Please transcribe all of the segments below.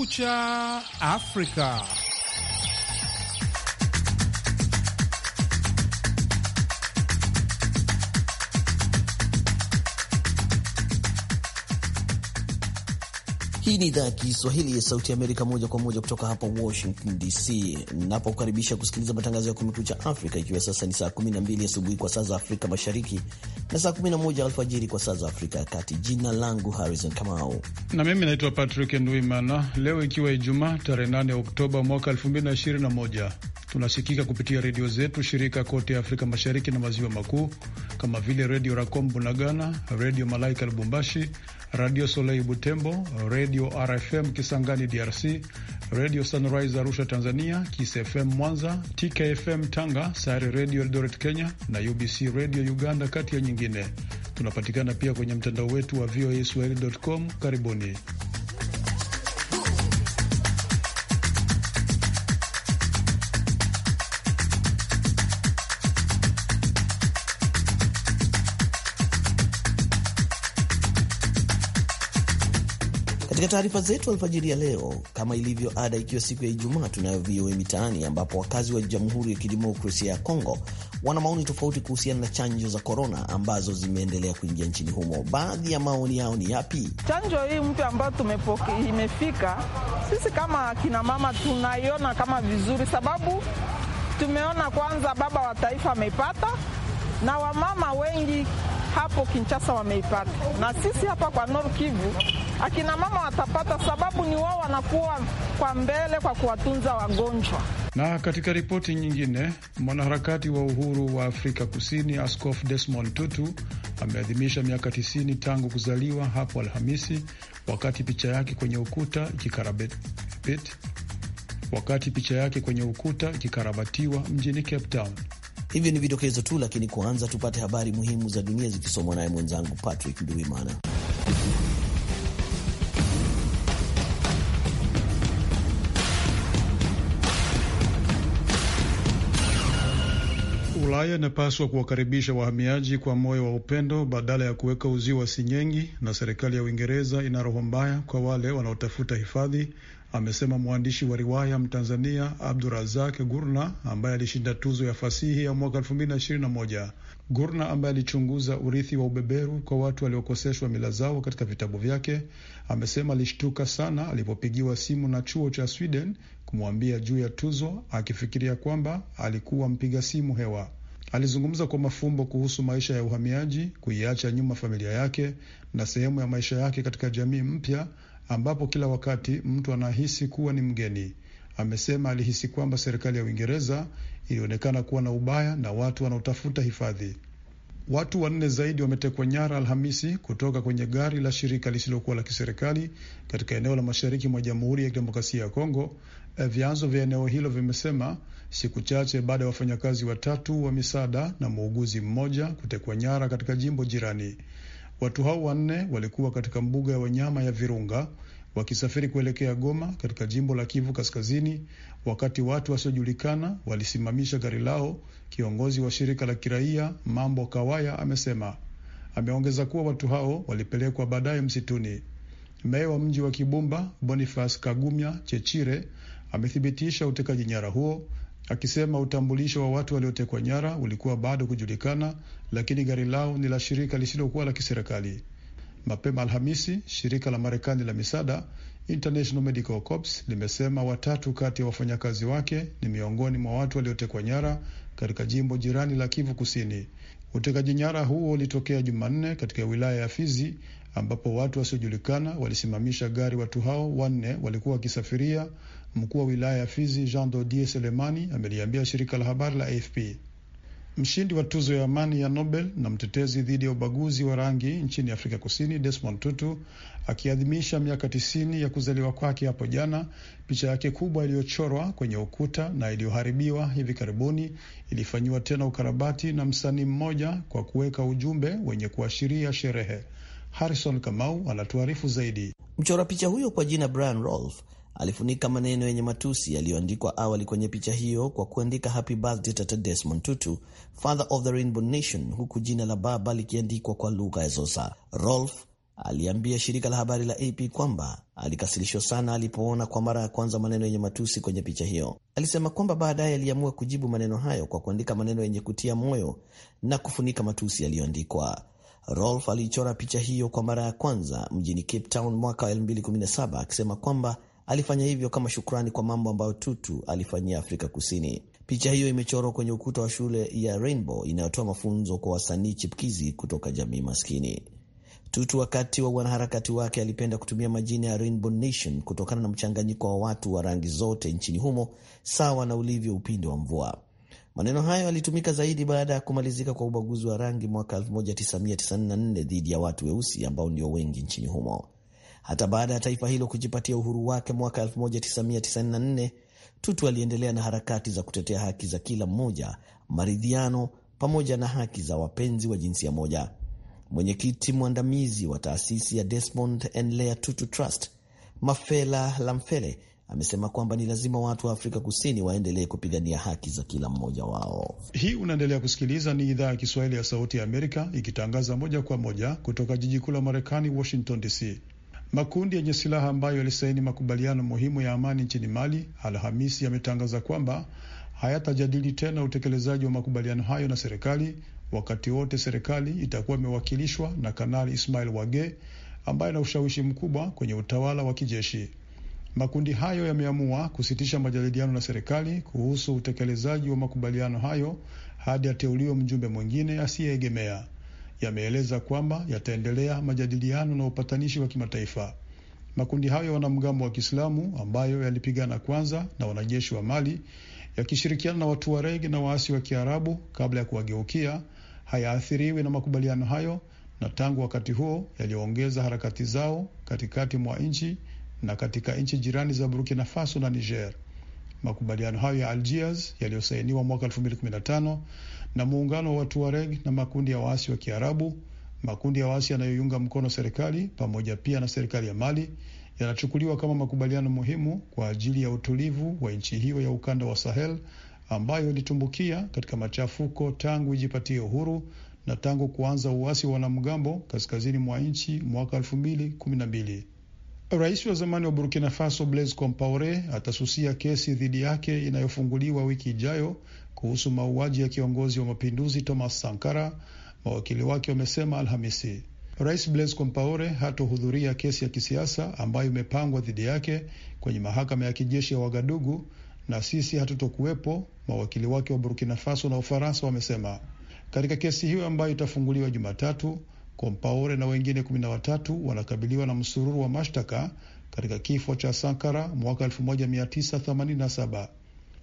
Kumekucha Afrika. Hii ni idhaa ya Kiswahili ya Sauti ya Amerika, moja kwa moja kutoka hapa Washington DC, napokukaribisha kusikiliza matangazo ya Kumekucha Afrika, ikiwa sasa ni saa 12 asubuhi kwa saa za Afrika Mashariki na saa 11 alfajiri kwa saa za Afrika ya Kati. Jina langu Harrison Kamau na mimi naitwa Patrick Ndwimana. Leo ikiwa Ijumaa tarehe 8 Oktoba mwaka 2021 Tunasikika kupitia redio zetu shirika kote Afrika Mashariki na Maziwa Makuu, kama vile Redio Racom Bunagana, Redio Malaika Lubumbashi, Radio Soleil Butembo, Redio RFM Kisangani DRC, Redio Sunrise Arusha Tanzania, KisFM Mwanza, TKFM Tanga, Sayari Redio Eldoret Kenya na UBC Redio Uganda, kati ya nyingine. Tunapatikana pia kwenye mtandao wetu wa VOA Swahili.com. Karibuni. Katika taarifa zetu alfajiri ya leo, kama ilivyo ada, ikiwa siku ya Ijumaa, tunayo VOA Mitaani, ambapo wakazi wa Jamhuri ya Kidemokrasia ya Kongo wana maoni tofauti kuhusiana na chanjo za korona ambazo zimeendelea kuingia nchini humo. Baadhi ya maoni yao ni yapi? Chanjo hii mpya ambayo imefika, sisi kama kinamama tunaiona kama vizuri, sababu tumeona kwanza baba wa taifa amepata na wamama wengi hapo Kinshasa wameipata, na sisi hapa kwa Nord Kivu akina mama watapata, sababu ni wao wanakuwa kwa mbele kwa kuwatunza wagonjwa. Na katika ripoti nyingine, mwanaharakati wa uhuru wa Afrika Kusini Askof Desmond Tutu ameadhimisha miaka 90 tangu kuzaliwa hapo Alhamisi, wakati picha yake kwenye ukuta wakati picha yake kwenye ukuta ikikarabatiwa mjini Cape Town. Hivyo ni vidokezo tu, lakini kwanza tupate habari muhimu za dunia zikisomwa naye mwenzangu Patrick nduimana Ulaya inapaswa kuwakaribisha wahamiaji kwa moyo wa upendo badala ya kuweka uzio wa sinyengi, na serikali ya Uingereza ina roho mbaya kwa wale wanaotafuta hifadhi amesema mwandishi wa riwaya Mtanzania Abdurazak Gurna ambaye alishinda tuzo ya fasihi ya mwaka 2021. Gurna ambaye alichunguza urithi wa ubeberu kwa watu waliokoseshwa mila zao katika vitabu vyake, amesema alishtuka sana alipopigiwa simu na chuo cha Sweden kumwambia juu ya tuzo, akifikiria kwamba alikuwa mpiga simu hewa. Alizungumza kwa mafumbo kuhusu maisha ya uhamiaji, kuiacha nyuma familia yake na sehemu ya maisha yake katika jamii mpya ambapo kila wakati mtu anahisi kuwa ni mgeni. Amesema alihisi kwamba serikali ya Uingereza ilionekana kuwa na ubaya na watu wanaotafuta hifadhi. Watu wanne zaidi wametekwa nyara Alhamisi kutoka kwenye gari la shirika lisilokuwa la kiserikali katika eneo la mashariki mwa Jamhuri ya Kidemokrasia ya Kongo. Eh, vyanzo vya eneo hilo vimesema siku chache baada ya wafanyakazi watatu wa misaada na muuguzi mmoja kutekwa nyara katika jimbo jirani. Watu hao wanne walikuwa katika mbuga ya wanyama ya Virunga wakisafiri kuelekea Goma katika jimbo la Kivu Kaskazini, wakati watu wasiojulikana walisimamisha gari lao. Kiongozi wa shirika la kiraia Mambo Kawaya amesema. Ameongeza kuwa watu hao walipelekwa baadaye msituni. Meya wa mji wa Kibumba Boniface Kagumya Chechire amethibitisha utekaji nyara huo akisema utambulisho wa watu waliotekwa nyara ulikuwa bado kujulikana, lakini gari lao ni la shirika lisilokuwa la kiserikali. Mapema Alhamisi, shirika la Marekani la misaada International Medical Corps limesema watatu kati ya wafanyakazi wake ni miongoni mwa watu waliotekwa nyara katika jimbo jirani la Kivu Kusini. Utekaji nyara huo ulitokea Jumanne katika wilaya ya Fizi, ambapo watu wasiojulikana walisimamisha gari watu hao wanne walikuwa wakisafiria Mkuu wa wilaya ya Fizi Jean Dodier Selemani ameliambia shirika la habari la AFP. Mshindi wa tuzo ya amani ya Nobel na mtetezi dhidi ya ubaguzi wa rangi nchini Afrika Kusini Desmond Tutu akiadhimisha miaka tisini ya kuzaliwa kwake hapo jana, picha yake kubwa iliyochorwa kwenye ukuta na iliyoharibiwa hivi karibuni ilifanyiwa tena ukarabati na msanii mmoja kwa kuweka ujumbe wenye kuashiria sherehe. Harrison Kamau anatuarifu zaidi. Mchora picha huyo kwa jina Brian Rolf alifunika maneno yenye matusi yaliyoandikwa awali kwenye picha hiyo kwa kuandika happy birthday tata Desmond Tutu, father of the Rainbow Nation, huku jina la baba likiandikwa kwa lugha ya Zosa. Rolf aliambia shirika la habari la AP kwamba alikasirishwa sana alipoona kwa mara ya kwanza maneno yenye matusi kwenye picha hiyo. Alisema kwamba baadaye aliamua kujibu maneno hayo kwa kuandika maneno yenye kutia moyo na kufunika matusi yaliyoandikwa. Rolf aliichora picha hiyo kwa mara ya kwanza mjini Cape Town mwaka 2017 akisema kwamba Alifanya hivyo kama shukrani kwa mambo ambayo Tutu alifanyia Afrika Kusini. Picha hiyo imechorwa kwenye ukuta wa shule ya Rainbow inayotoa mafunzo kwa wasanii chipkizi kutoka jamii maskini. Tutu wakati wa wanaharakati wake alipenda kutumia majina ya Rainbow Nation kutokana na mchanganyiko wa watu wa rangi zote nchini humo, sawa na ulivyo upinde wa mvua. Maneno hayo yalitumika zaidi baada ya kumalizika kwa ubaguzi wa rangi mwaka 1994 dhidi ya watu weusi ambao ndio wengi nchini humo. Hata baada ya taifa hilo kujipatia uhuru wake mwaka 1994, Tutu aliendelea na harakati za kutetea haki za kila mmoja, maridhiano pamoja na haki za wapenzi wa jinsia moja. Mwenyekiti mwandamizi wa taasisi ya Desmond Enlea Tutu Trust, Mafela Lamfele, amesema kwamba ni lazima watu wa Afrika Kusini waendelee kupigania haki za kila mmoja wao. Hii unaendelea kusikiliza, ni idhaa ya Kiswahili ya Sauti ya Amerika ikitangaza moja kwa moja kutoka jiji kuu la Marekani, Washington DC. Makundi yenye silaha ambayo yalisaini makubaliano muhimu ya amani nchini Mali Alhamisi yametangaza kwamba hayatajadili tena utekelezaji wa makubaliano hayo na serikali, wakati wote serikali itakuwa imewakilishwa na Kanali Ismail Wage ambaye ana ushawishi mkubwa kwenye utawala wa kijeshi. Makundi hayo yameamua kusitisha majadiliano na serikali kuhusu utekelezaji wa makubaliano hayo hadi ateuliwe mjumbe mwingine asiyeegemea yameeleza kwamba yataendelea majadiliano na upatanishi wa kimataifa. Makundi hayo ya wanamgambo wa Kiislamu ambayo yalipigana kwanza na wanajeshi wa Mali yakishirikiana na Watuareg na waasi wa Kiarabu kabla ya kuwageukia hayaathiriwi na makubaliano hayo, na tangu wakati huo yaliyoongeza harakati zao katikati mwa nchi na katika nchi jirani za Burkina Faso na Niger. Makubaliano hayo ya Algiers yaliyosainiwa mwaka na muungano wa Reg na makundi ya waasi wa Kiarabu. Makundi ya waasi yanayoiunga mkono serikali pamoja pia na serikali ya Mali yanachukuliwa kama makubaliano muhimu kwa ajili ya utulivu wa nchi hiyo ya ukanda wa Sahel ambayo ilitumbukia katika machafuko tangu ijipatie uhuru na tangu kuanza uasi wa wanamgambo kaskazini mwa nchi mwaka elfu mbili kumi na mbili. Rais wa zamani wa Burkina Faso Blaise Compaore atasusia kesi dhidi yake inayofunguliwa wiki ijayo kuhusu mauaji ya kiongozi wa mapinduzi Thomas Sankara, mawakili wake wamesema Alhamisi. Rais Blaise Compaore hatohudhuria kesi ya kisiasa ambayo imepangwa dhidi yake kwenye mahakama ya kijeshi ya Wagadugu, na sisi hatutokuwepo, mawakili wake wa Burkina Faso na Ufaransa wamesema. Katika kesi hiyo ambayo itafunguliwa Jumatatu, Compaore na wengine kumi na watatu wanakabiliwa na msururu wa mashtaka katika kifo cha Sankara mwaka 1987.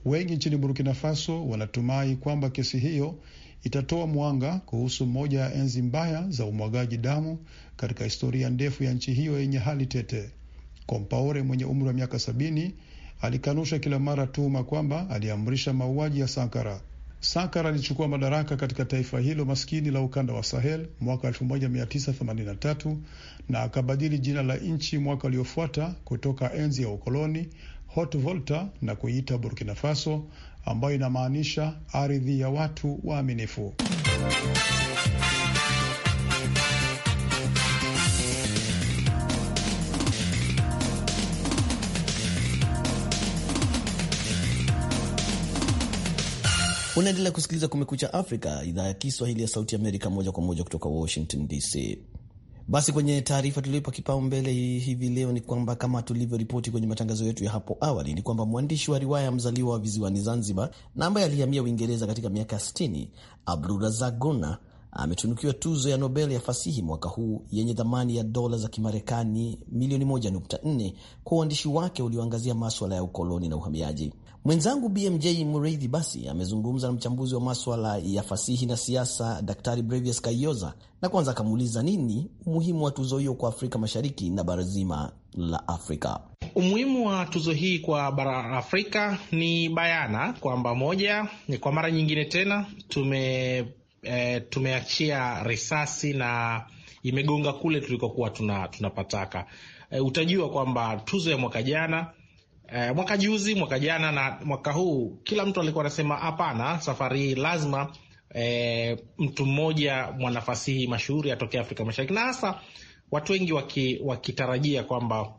Wengi nchini Burkina Faso wanatumai kwamba kesi hiyo itatoa mwanga kuhusu moja ya enzi mbaya za umwagaji damu katika historia ndefu ya nchi hiyo yenye hali tete. kompaore mwenye umri wa miaka sabini alikanusha kila mara tuhuma kwamba aliamrisha mauaji ya Sankara. Sankara alichukua madaraka katika taifa hilo maskini la ukanda wa Sahel mwaka 1983 na akabadili jina la nchi mwaka uliofuata kutoka enzi ya ukoloni Hot Volta na kuiita Burkina Faso, ambayo inamaanisha ardhi ya watu waaminifu. Unaendelea kusikiliza Kumekucha Afrika, idhaa ya Kiswahili ya Sauti ya Amerika, moja kwa moja kutoka Washington DC. Basi kwenye taarifa tuliyoipa kipaumbele hivi leo ni kwamba kama tulivyoripoti kwenye matangazo yetu ya hapo awali, ni kwamba mwandishi wa riwaya mzaliwa wa visiwani Zanzibar na ambaye alihamia Uingereza katika miaka 60 Abdurazak Gurnah ametunukiwa tuzo ya Nobel ya fasihi mwaka huu yenye thamani ya dola za Kimarekani milioni 1.4 kwa uandishi wake ulioangazia maswala ya ukoloni na uhamiaji. Mwenzangu BMJ Mureithi basi amezungumza na mchambuzi wa maswala ya fasihi na siasa Daktari Brevius Kayoza, na kwanza akamuuliza nini umuhimu wa tuzo hiyo kwa Afrika Mashariki na bara zima la Afrika. Umuhimu wa tuzo hii kwa bara la Afrika ni bayana kwamba, moja, ni kwa mara nyingine tena tume e, tumeachia risasi na imegonga kule tulikokuwa tunapataka. Tuna eh, e, utajua kwamba tuzo ya mwaka jana e, mwaka juzi, mwaka jana na mwaka huu, kila mtu alikuwa anasema hapana, safari hii lazima e, mtu mmoja mwanafasihi mashuhuri atokea Afrika Mashariki, na hasa watu wengi wakitarajia waki kwamba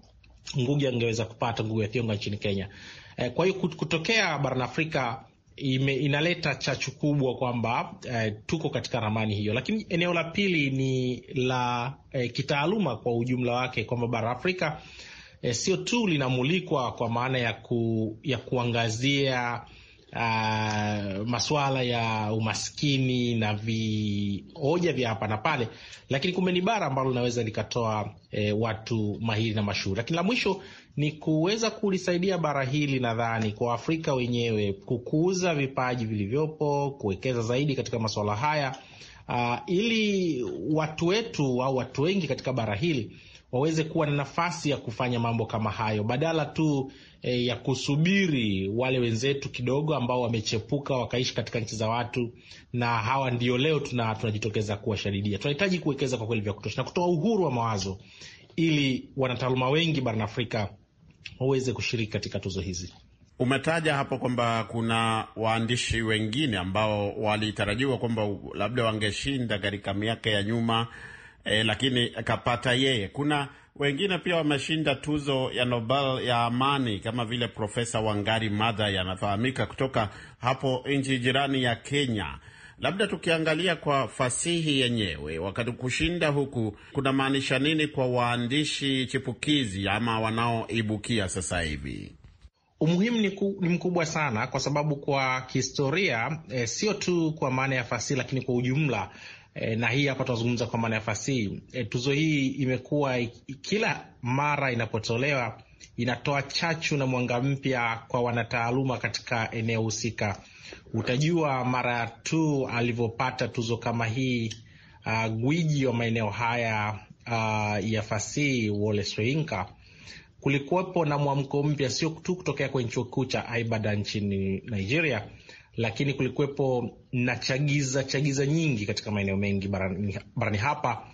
Ngugi angeweza kupata Ngugi ya Thiong'o nchini Kenya. E, kwa hiyo kutokea barani Afrika ime, inaleta chachu kubwa kwamba eh, tuko katika ramani hiyo, lakini eneo la pili ni la eh, kitaaluma kwa ujumla wake kwamba bara Afrika eh, sio tu linamulikwa kwa maana ya, ku, ya kuangazia uh, ah, masuala ya umaskini na vihoja vya hapa na pale, lakini kumbe ni bara ambalo linaweza likatoa eh, watu mahiri na mashuhuri. Lakini la mwisho ni kuweza kulisaidia bara hili, nadhani kwa Afrika wenyewe kukuza vipaji vilivyopo, kuwekeza zaidi katika masuala haya uh, ili watu wetu au watu wengi katika bara hili waweze kuwa na nafasi ya kufanya mambo kama hayo badala tu e, ya kusubiri wale wenzetu kidogo ambao wamechepuka wakaishi katika nchi za watu, na hawa ndio leo tuna tunajitokeza kuwashadidia. Tunahitaji kuwekeza kwa kweli vya kutosha na kutoa uhuru wa mawazo ili wanataaluma wengi barani Afrika waweze kushiriki katika tuzo hizi. Umetaja hapo kwamba kuna waandishi wengine ambao walitarajiwa kwamba labda wangeshinda katika miaka ya nyuma e, lakini kapata yeye. Kuna wengine pia wameshinda tuzo ya Nobel ya amani kama vile Profesa Wangari Maathai anafahamika kutoka hapo nchi jirani ya Kenya. Labda tukiangalia kwa fasihi yenyewe, wakati kushinda huku kunamaanisha nini kwa waandishi chipukizi ama wanaoibukia sasa hivi? Umuhimu ni, ku, ni mkubwa sana kwa sababu kwa kihistoria e, sio tu kwa maana ya fasihi, lakini kwa ujumla e, na hii hapa tunazungumza kwa maana ya fasihi e, tuzo hii imekuwa kila mara inapotolewa inatoa chachu na mwanga mpya kwa wanataaluma katika eneo husika. Utajua mara tu alivyopata tuzo kama hii uh, gwiji wa maeneo haya uh, ya fasihi Wole Soyinka, kulikuwepo na mwamko mpya, sio tu kutokea kwenye chuo kikuu cha Ibadan nchini Nigeria, lakini kulikuwepo na chagiza chagiza nyingi katika maeneo mengi barani, barani hapa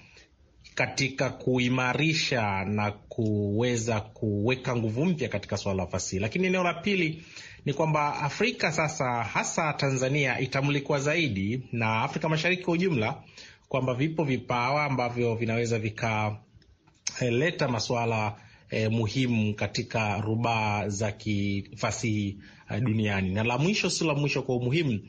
katika kuimarisha na kuweza kuweka nguvu mpya katika suala la fasihi. Lakini eneo la pili ni kwamba Afrika sasa, hasa Tanzania, itamulikwa zaidi na Afrika Mashariki kwa ujumla kwamba vipo vipawa ambavyo vinaweza vikaleta eh, masuala eh, muhimu katika rubaa za kifasihi eh, duniani. Na la mwisho, si la mwisho kwa umuhimu,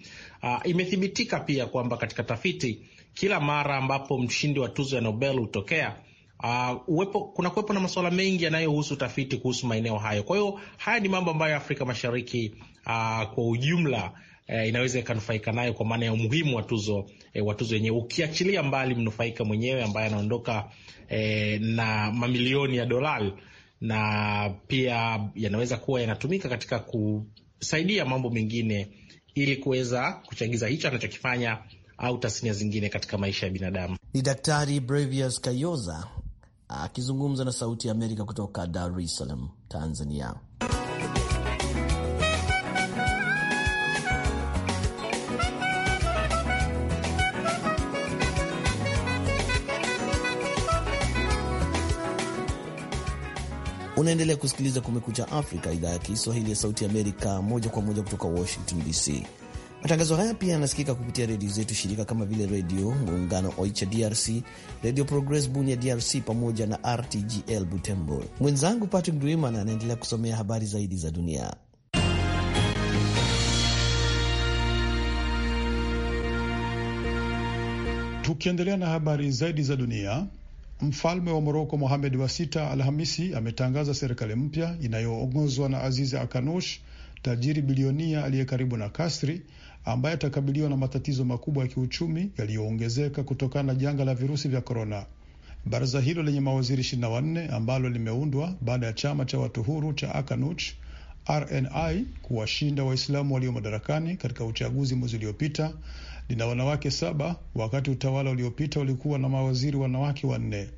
ah, imethibitika pia kwamba katika tafiti, kila mara ambapo mshindi wa tuzo ya Nobel hutokea Uh, uwepo, kuna kuwepo na masuala mengi yanayohusu utafiti kuhusu maeneo hayo. Kwa hiyo haya ni mambo ambayo Afrika Mashariki uh, kwa ujumla uh, inaweza ikanufaika nayo kwa maana ya umuhimu wa tuzo uh, wa tuzo yenyewe, ukiachilia mbali mnufaika mwenyewe ambaye anaondoka eh, na mamilioni ya dolari, na pia yanaweza kuwa yanatumika katika kusaidia mambo mengine ili kuweza kuchagiza hicho anachokifanya au tasnia zingine katika maisha ya binadamu. Ni Daktari Brevius Kayoza akizungumza na Sauti ya Amerika kutoka Dar es Salaam, Tanzania. Unaendelea kusikiliza Kumekucha Afrika, idhaa ya Kiswahili ya Sauti Amerika, moja kwa moja kutoka Washington DC. Matangazo haya pia yanasikika kupitia redio zetu shirika kama vile Redio Muungano Oicha DRC, Redio Progress Bunia DRC, pamoja na RTGL Butembo. Mwenzangu Patrick Duiman anaendelea kusomea habari zaidi za dunia. Tukiendelea na habari zaidi za dunia Mfalme wa Moroko Mohamed wa sita Alhamisi ametangaza serikali mpya inayoongozwa na Azizi Akanush, tajiri bilionia aliye karibu na kasri, ambaye atakabiliwa na matatizo makubwa ya kiuchumi yaliyoongezeka kutokana na janga la virusi vya korona. Baraza hilo lenye mawaziri 24 ambalo limeundwa baada ya chama cha watu huru cha Akanuch RNI kuwashinda Waislamu walio madarakani katika uchaguzi mwezi uliopita lina wanawake saba wakati utawala uliopita ulikuwa na mawaziri wanawake wanne.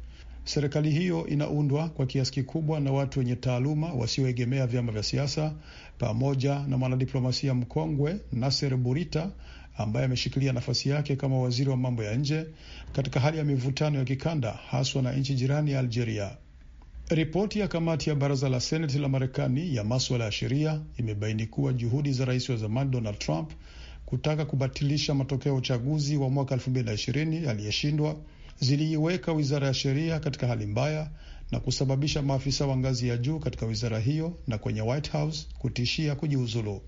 Serikali hiyo inaundwa kwa kiasi kikubwa na watu wenye taaluma wasioegemea vyama vya siasa pamoja na mwanadiplomasia mkongwe Nasser Burita ambaye ameshikilia nafasi yake kama waziri wa mambo ya nje katika hali ya mivutano ya kikanda haswa na nchi jirani ya Algeria. Ripoti ya kamati ya baraza la seneti la Marekani ya maswala ya sheria imebaini kuwa juhudi za rais wa zamani Donald Trump kutaka kubatilisha matokeo ya uchaguzi wa mwaka 2020 aliyeshindwa ziliiweka wizara ya sheria katika hali mbaya na kusababisha maafisa wa ngazi ya juu katika wizara hiyo na kwenye White House kutishia kujiuzulu.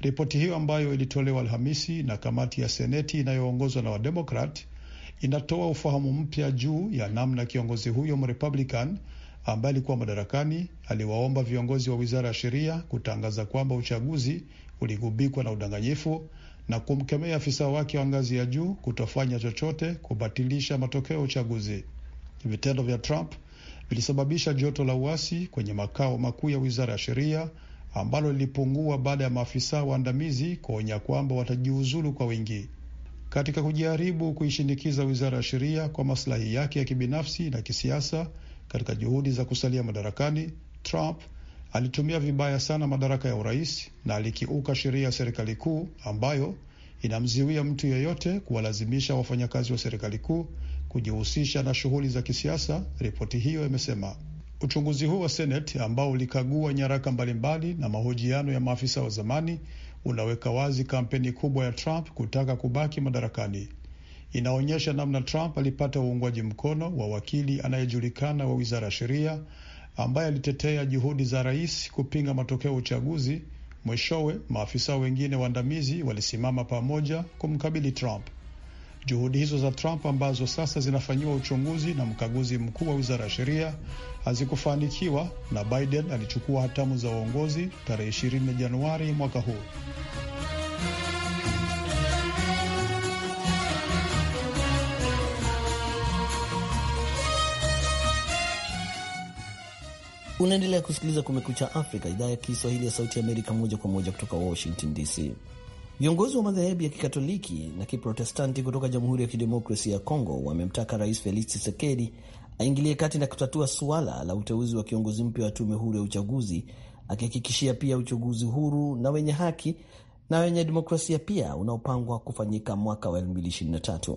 Ripoti hiyo ambayo ilitolewa Alhamisi na kamati ya Seneti inayoongozwa na Wademokrat inatoa ufahamu mpya juu ya namna kiongozi huyo Mrepublican ambaye alikuwa madarakani aliwaomba viongozi wa wizara ya sheria kutangaza kwamba uchaguzi uligubikwa na udanganyifu na kumkemea afisa wake wa ngazi ya juu kutofanya chochote kubatilisha matokeo ya uchaguzi. Vitendo vya Trump vilisababisha joto la uasi kwenye makao makuu ya wizara ya sheria ambalo lilipungua baada ya maafisa waandamizi kuonya kwamba watajiuzulu kwa wingi. Katika kujaribu kuishinikiza wizara ya sheria kwa masilahi yake ya kibinafsi na kisiasa katika juhudi za kusalia madarakani, Trump alitumia vibaya sana madaraka ya urais na alikiuka sheria ya serikali kuu ambayo inamziwia mtu yeyote kuwalazimisha wafanyakazi wa serikali kuu kujihusisha na shughuli za kisiasa, ripoti hiyo imesema. Uchunguzi huu wa Seneti ambao ulikagua nyaraka mbalimbali na mahojiano ya maafisa wa zamani unaweka wazi kampeni kubwa ya Trump kutaka kubaki madarakani. Inaonyesha namna Trump alipata uungwaji mkono wa wakili anayejulikana wa wizara ya sheria ambaye alitetea juhudi za rais kupinga matokeo ya uchaguzi. Mwishowe, maafisa wengine waandamizi walisimama pamoja kumkabili Trump. Juhudi hizo za Trump ambazo sasa zinafanyiwa uchunguzi na mkaguzi mkuu wa wizara ya sheria hazikufanikiwa na Biden alichukua hatamu za uongozi tarehe 20 Januari mwaka huu. Unaendelea kusikiliza Kumekucha Afrika, idhaa ya Kiswahili ya Sauti ya Amerika, moja kwa moja kutoka Washington DC. Viongozi wa madhehebu ya Kikatoliki na Kiprotestanti kutoka Jamhuri ya Kidemokrasia ya Kongo wamemtaka Rais Felix Tshisekedi aingilie kati na kutatua suala la uteuzi wa kiongozi mpya wa tume huru ya uchaguzi, akihakikishia pia uchaguzi huru na wenye haki na wenye demokrasia pia unaopangwa kufanyika mwaka wa 2023.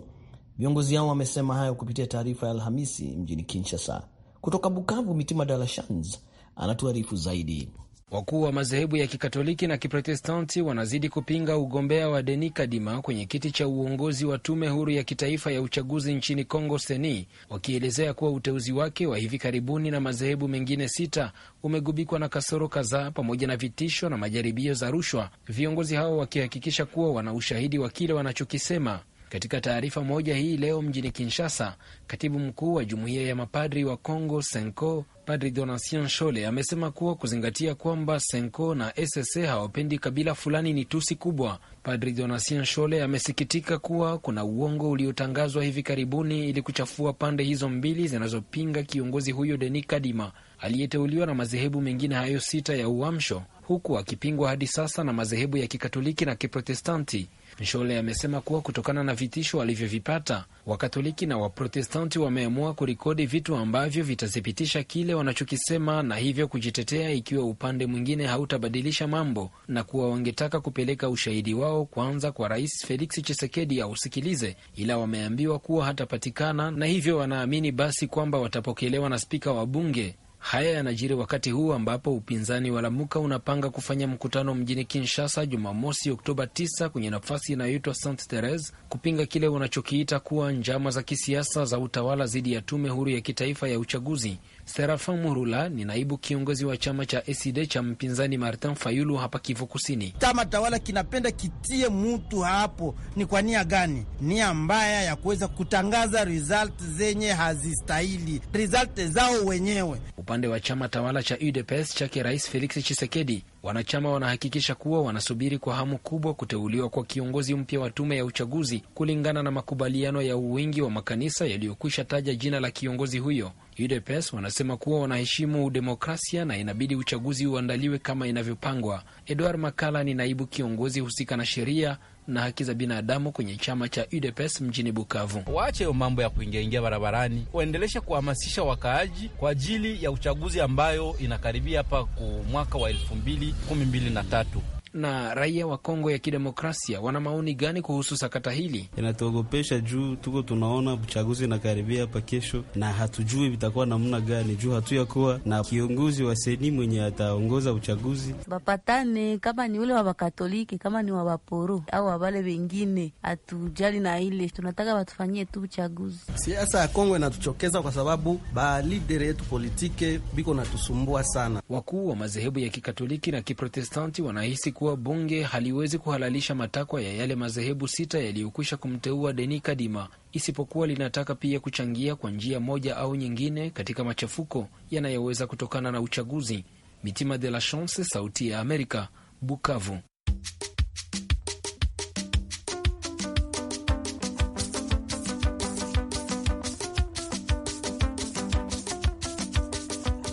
Viongozi hao wamesema hayo kupitia taarifa ya Alhamisi mjini Kinshasa. Kutoka Bukavu, Mitima Dalashans anatuarifu zaidi. Wakuu wa madhehebu ya Kikatoliki na Kiprotestanti wanazidi kupinga ugombea wa Deni Kadima kwenye kiti cha uongozi wa tume huru ya kitaifa ya uchaguzi nchini congo Seni, wakielezea kuwa uteuzi wake wa hivi karibuni na madhehebu mengine sita umegubikwa na kasoro kadhaa pamoja na vitisho na majaribio za rushwa, viongozi hao wakihakikisha kuwa wana ushahidi wa kile wanachokisema. Katika taarifa moja hii leo mjini Kinshasa, katibu mkuu wa jumuiya ya mapadri wa Congo Senko, Padri Donatien Shole amesema kuwa kuzingatia kwamba Senko na SSC hawapendi kabila fulani ni tusi kubwa. Padri Donatien Shole amesikitika kuwa kuna uongo uliotangazwa hivi karibuni ili kuchafua pande hizo mbili zinazopinga kiongozi huyo Denis Kadima aliyeteuliwa na madhehebu mengine hayo sita ya Uamsho, huku akipingwa hadi sasa na madhehebu ya Kikatoliki na Kiprotestanti. Mshole amesema kuwa kutokana na vitisho walivyovipata, Wakatoliki na Waprotestanti wameamua kurikodi vitu ambavyo vitathibitisha kile wanachokisema na hivyo kujitetea ikiwa upande mwingine hautabadilisha mambo, na kuwa wangetaka kupeleka ushahidi wao kwanza kwa Rais Felix chisekedi ausikilize, ila wameambiwa kuwa hatapatikana, na hivyo wanaamini basi kwamba watapokelewa na spika wa bunge Haya yanajiri wakati huu ambapo upinzani wa Lamuka unapanga kufanya mkutano mjini Kinshasa Jumamosi, Oktoba 9 kwenye nafasi inayoitwa Saint Therese kupinga kile wanachokiita kuwa njama za kisiasa za utawala dhidi ya tume huru ya kitaifa ya uchaguzi. Serafin Murula ni naibu kiongozi wa chama cha ECD cha mpinzani Martin Fayulu hapa Kivu Kusini. Chama tawala kinapenda kitie mutu hapo, ni kwa nia gani? Nia mbaya ya kuweza kutangaza result zenye hazistahili, result zao wenyewe upande wa chama tawala cha UDPS chake Rais Felix chisekedi wanachama wanahakikisha kuwa wanasubiri kwa hamu kubwa kuteuliwa kwa kiongozi mpya wa tume ya uchaguzi kulingana na makubaliano ya uwingi wa makanisa yaliyokwisha taja jina la kiongozi huyo. UDPS wanasema kuwa wanaheshimu demokrasia na inabidi uchaguzi uandaliwe kama inavyopangwa. Edward Makala ni naibu kiongozi husika na sheria na haki za binadamu kwenye chama cha UDPS mjini Bukavu. Waache mambo ya kuingiaingia barabarani, waendeleshe kuhamasisha wakaaji kwa ajili ya uchaguzi ambayo inakaribia hapa ku mwaka wa elfu mbili kumi mbili na tatu na raia wa Kongo ya Kidemokrasia wana maoni gani kuhusu sakata hili? Inatuogopesha juu tuko tunaona uchaguzi unakaribia hapa kesho, na hatujui vitakuwa namna gani, juu hatuyakuwa na kiongozi wa seni mwenye ataongoza uchaguzi. Bapatane kama ni ule wa Wakatoliki, kama ni wa Baporo au wavale wengine, hatujali na ile, tunataka watufanyie tu uchaguzi. Siasa ya Kongo inatuchokeza kwa sababu balidere yetu politike biko natusumbua sana. Wakuu wa madhehebu ya Kikatoliki na Kiprotestanti wanahisi kuwa kuwa bunge haliwezi kuhalalisha matakwa ya yale madhehebu sita yaliyokwisha kumteua Denis Kadima, isipokuwa linataka pia kuchangia kwa njia moja au nyingine katika machafuko yanayoweza kutokana na uchaguzi. Mitima de la Chance, Sauti ya Amerika, Bukavu.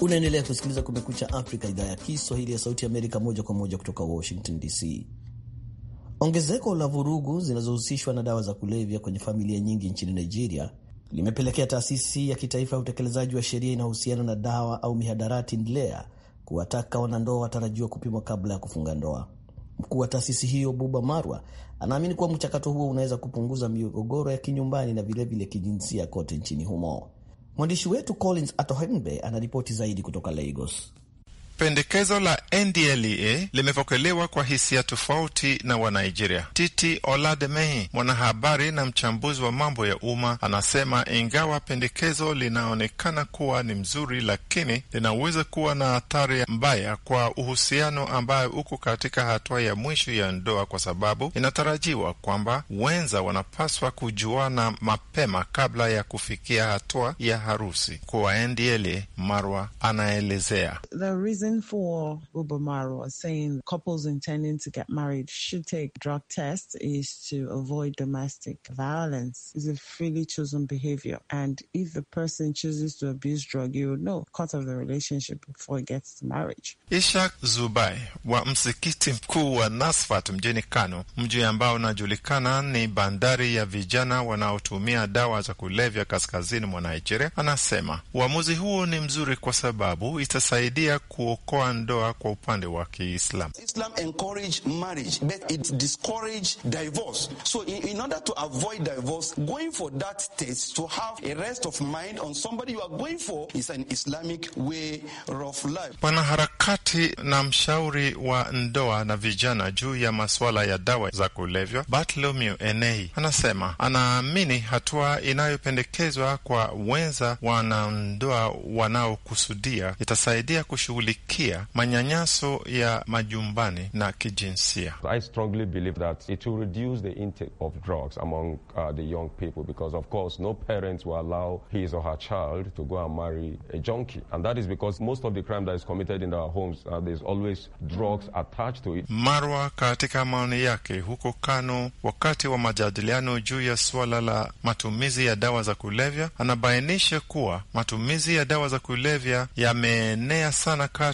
Unaendelea kusikiliza Kumekucha Afrika, idhaa ya Kiswahili ya Sauti Amerika, moja kwa moja kutoka Washington DC. Ongezeko la vurugu zinazohusishwa na dawa za kulevya kwenye familia nyingi nchini Nigeria limepelekea taasisi ya kitaifa ya utekelezaji wa sheria inayohusiana na dawa au mihadarati NDLEA kuwataka wanandoa watarajiwa kupimwa kabla ya kufunga ndoa. Mkuu wa taasisi hiyo Buba Marwa anaamini kuwa mchakato huo unaweza kupunguza migogoro ya kinyumbani na vilevile kijinsia kote nchini humo. Mwandishi wetu Collins Atohenbe anaripoti zaidi kutoka Lagos. Pendekezo la NDLEA limepokelewa kwa hisia tofauti na Wanigeria. Titi Olademehi, mwanahabari na mchambuzi wa mambo ya umma, anasema ingawa pendekezo linaonekana kuwa ni mzuri, lakini linaweza kuwa na athari mbaya kwa uhusiano ambayo uko katika hatua ya mwisho ya ndoa, kwa sababu inatarajiwa kwamba wenza wanapaswa kujuana mapema kabla ya kufikia hatua ya harusi. Kwa NDLEA, Marwa anaelezea The reason for Ubomaro saying couples intending to get married should take drug tests is to avoid domestic violence. It's a freely chosen behavior. And if the person chooses to abuse drug, you will know cut off the relationship before it gets to marriage. Ishak Zubai wa msikiti mkuu wa Nasfat mjini Kano, mji ambao unajulikana ni bandari ya vijana wanaotumia dawa za kulevya kaskazini mwa Nigeria, anasema uamuzi huo ni mzuri kwa sababu itasaidia ku kuokoa ndoa kwa upande wa Kiislam. Islam encourage marriage but it discourage divorce. So in order to avoid divorce, going for that to have a rest of mind on somebody you are going for is an Islamic way of life. na mshauri wa ndoa na vijana juu ya masuala ya dawa za kulevya Bartolomeo Enei anasema anaamini hatua inayopendekezwa kwa wenza wanandoa wanaokusudia itasaidia kushughulikia kushughulikia manyanyaso ya majumbani na kijinsia. I strongly believe that it will reduce the intake of drugs among uh, the young people because of course no will allow his or her child to go and marry a junkie and that is because most of the crime that is committed in our homes uh, there's always drugs attached to it. Marwa katika maoni yake huko Kano wakati wa majadiliano juu ya suala la matumizi ya dawa za kulevya, anabainisha kuwa matumizi ya dawa za kulevya yameenea sana kati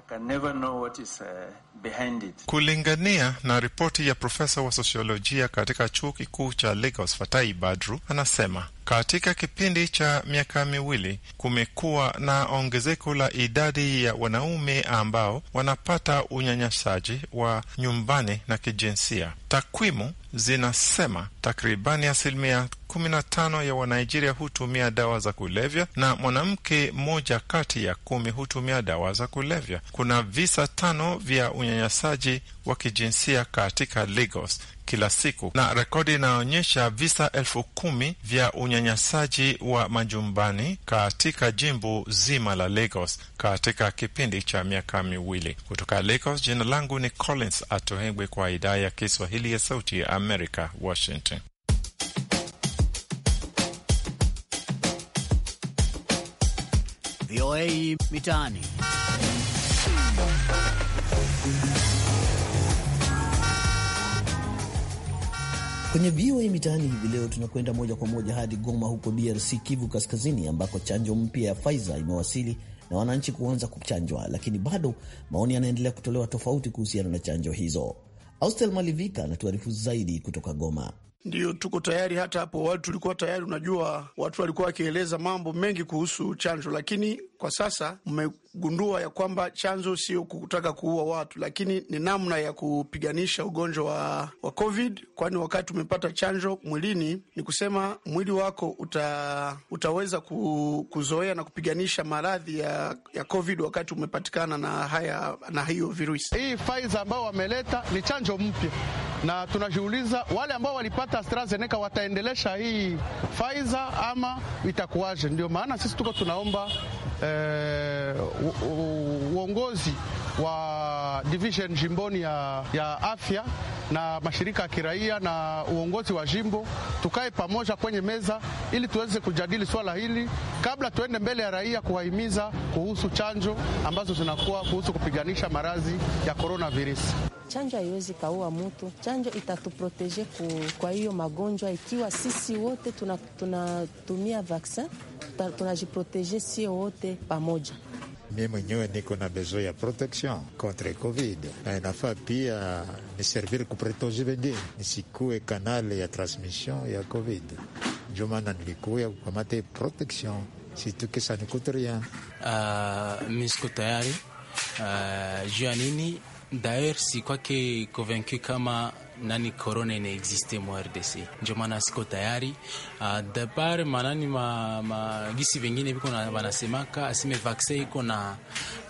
I can never know what is, uh, behind it. Kulingania na ripoti ya profesa wa sosiolojia katika chuo kikuu cha Lagos Fatai Badru anasema katika kipindi cha miaka miwili kumekuwa na ongezeko la idadi ya wanaume ambao wanapata unyanyasaji wa nyumbani na kijinsia. Takwimu zinasema takribani asilimia kumi na tano ya Wanigeria hutumia dawa za kulevya na mwanamke mmoja kati ya kumi hutumia dawa za kulevya. Kuna visa tano vya unyanyasaji wa kijinsia katika Lagos kila siku na rekodi inaonyesha visa elfu kumi vya unyanyasaji wa majumbani katika jimbo zima la Lagos katika kipindi cha miaka miwili. Kutoka Lagos, jina langu ni Collins Atohengwe kwa idhaa ya Kiswahili ya Sauti ya Amerika, Washington. VOA Mitaani. Kwenye VOA Mitaani hivi leo tunakwenda moja kwa moja hadi Goma huko DRC, Kivu Kaskazini, ambako chanjo mpya ya Pfizer imewasili na wananchi kuanza kuchanjwa, lakini bado maoni yanaendelea kutolewa tofauti kuhusiana na chanjo hizo. Austel Malivika anatuarifu zaidi kutoka Goma. Ndiyo, tuko tayari. Hata hapo awali tulikuwa tayari, unajua watu walikuwa wakieleza mambo mengi kuhusu chanjo, lakini kwa sasa gundua ya kwamba chanzo sio kutaka kuua watu, lakini ni namna ya kupiganisha ugonjwa wa, wa COVID, kwani wakati umepata chanjo mwilini, ni kusema mwili wako uta, utaweza ku, kuzoea na kupiganisha maradhi ya, ya COVID wakati umepatikana na haya na hiyo virusi. Hii Pfizer ambao wameleta ni chanjo mpya, na tunajiuliza wale ambao walipata AstraZeneca wataendelesha hii Pfizer ama itakuwaje? Ndio maana sisi tuko tunaomba Eh, uongozi wa division jimboni ya, ya afya na mashirika ya kiraia na uongozi wa jimbo, tukae pamoja kwenye meza ili tuweze kujadili swala hili kabla tuende mbele ya raia kuwahimiza kuhusu chanjo ambazo zinakuwa kuhusu kupiganisha maradhi ya koronavirusi Chanjo haiwezi kaua mtu, chanjo itatuproteje kwa hiyo magonjwa. Ikiwa sisi wote tunatumia tuna vaksin, tunajiproteje sio wote pamoja. Mi mwenyewe niko na bezo ya protection contre covid na inafaa pia ni servir kupretojivedi nisikuwe kanali ya transmission ya COVID. Ndio maana nilikuya kukamata protection situkisa nikuturia. Uh, misko tayari uh, juu ya nini daer si kwake convaincu kama nani corona inaexiste mu RDC, ndio maana siko tayari uh, depart manani ma, ma gisi vengine viko na wanasemaka asime vaccin iko na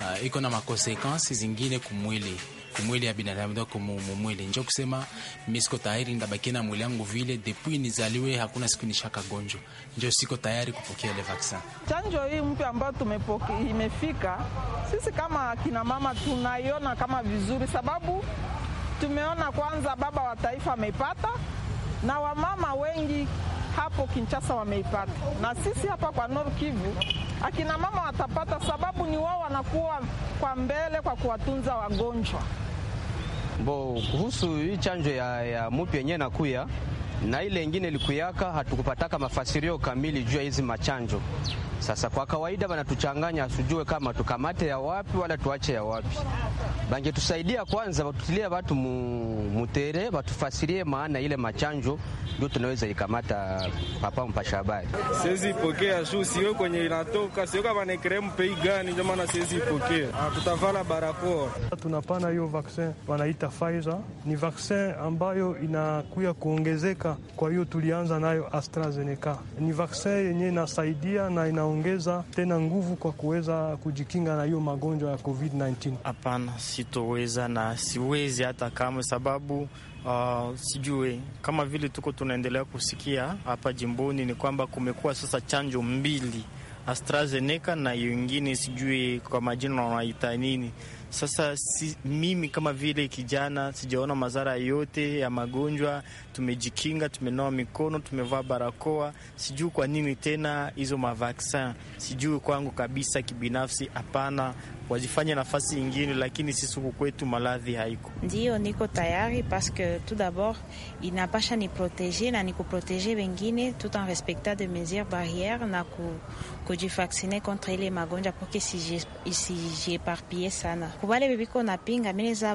uh, iko na makonsekansi zingine kumwili kumwili ya binadamu ndio kumumwili. njo kusema mimi siko tayari, ndabaki na mwili wangu vile depuis nizaliwe, hakuna siku nishaka gonjwa, njo siko tayari kupokea ile vaccine. Chanjo hii mpya ambayo tumepokea imefika, sisi kama kina mama tunaiona kama vizuri, sababu tumeona kwanza baba wa taifa ameipata na wamama wengi hapo Kinshasa wameipata, na sisi hapa kwa Nord Kivu akina mama watapata, sababu ni wao wanakuwa kwa mbele kwa kuwatunza wagonjwa. Bo, kuhusu hii chanjo ya, ya mupi yenyewe nakuya na ile ingine likuyaka hatukupataka mafasirio kamili juu ya hizi machanjo sasa kwa kawaida wanatuchanganya, asujue kama tukamate ya wapi wala tuache ya wapi. Bange tusaidia kwanza, watutilie watu mutere, watufasirie maana ile machanjo, ndio tunaweza ikamata papa mpasha habari. Siwezi ipokea shu sio kwenye inatoka, sio kama ni kremu pei gani, ndio maana siwezi ipokea. Tutavala barakoa. Tunapana hiyo vaksin wanaita Pfizer, ni vaksin ambayo inakuya kuongezeka. Kwa hiyo tulianza nayo AstraZeneca, ni vaksin yenye inasaidia na ina inaongeza tena nguvu kwa kuweza kujikinga na hiyo magonjwa ya COVID-19? Hapana, sitoweza na siwezi hata kamwe, sababu Uh, sijui kama vile tuko tunaendelea kusikia hapa jimboni ni kwamba kumekuwa sasa chanjo mbili AstraZeneca na yingine sijui kwa majina wanaita nini. Sasa si, mimi kama vile kijana sijaona madhara yote ya magonjwa tumejikinga, tumenoa mikono, tumevaa barakoa. Sijui kwa nini tena hizo mavaksin, sijui kwangu kabisa kibinafsi, hapana, wajifanye nafasi ingine, lakini sisi huku kwetu maradhi haiko. Ndio niko tayari paske tout d'abord inapasha ni proteje na ni kuproteje wengine tout en respectant de mesure barriere na ku, kujifaksine kontre ile magonjwa poke sijieparpie sana kubale bebiko napinga mineza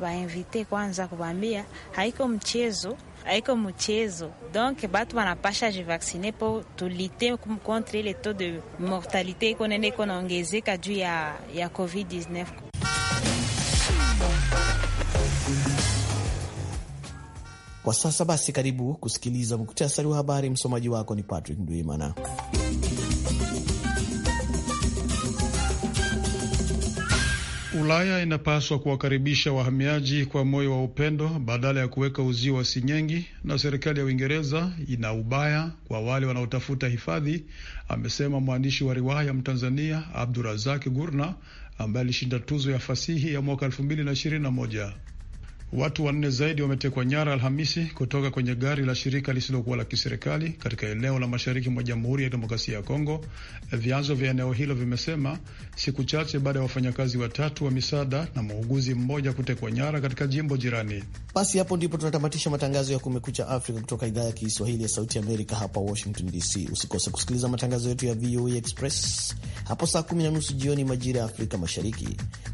bainvite ba kwanza kubambia haiko mchezo haiko mchezo, donc batu wanapasha jivaksine po tulite kontre ile to de mortalité iko nene iko naongezeka juu ya, ya COVID-19. Kwa sasa basi, karibu kusikiliza muktasari wa habari. Msomaji wako ni Patrick Ndwimana. Ulaya inapaswa kuwakaribisha wahamiaji kwa moyo wa upendo badala ya kuweka uzio wa sinyengi, na serikali ya Uingereza ina ubaya kwa wale wanaotafuta hifadhi, amesema mwandishi wa riwaya Mtanzania Abdurazak Gurna ambaye alishinda tuzo ya fasihi ya mwaka elfu mbili na ishirini na moja. Watu wanne zaidi wametekwa nyara Alhamisi kutoka kwenye gari la shirika lisilokuwa la kiserikali katika eneo la mashariki mwa Jamhuri ya Demokrasia ya Kongo, vyanzo vya eneo hilo vimesema, siku chache baada ya wafanyakazi watatu wa misaada na muuguzi mmoja kutekwa nyara katika jimbo jirani. Basi hapo ndipo tunatamatisha matangazo ya Kumekucha Afrika kutoka idhaa ya Kiswahili ya Sauti Amerika hapa Washington DC. Usikose kusikiliza matangazo yetu ya VOA e Express hapo saa kumi na nusu jioni majira ya Afrika Mashariki.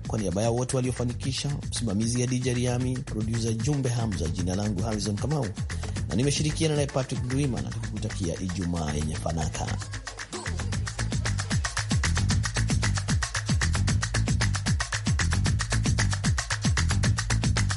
Kwa niaba ya wote waliofanikisha, msimamizi ya Dija Riami, producer Jumbe Hamza. Jina langu Harrison Kamau na nimeshirikiana naye Patrick Duima na tukikutakia Ijumaa yenye fanaka.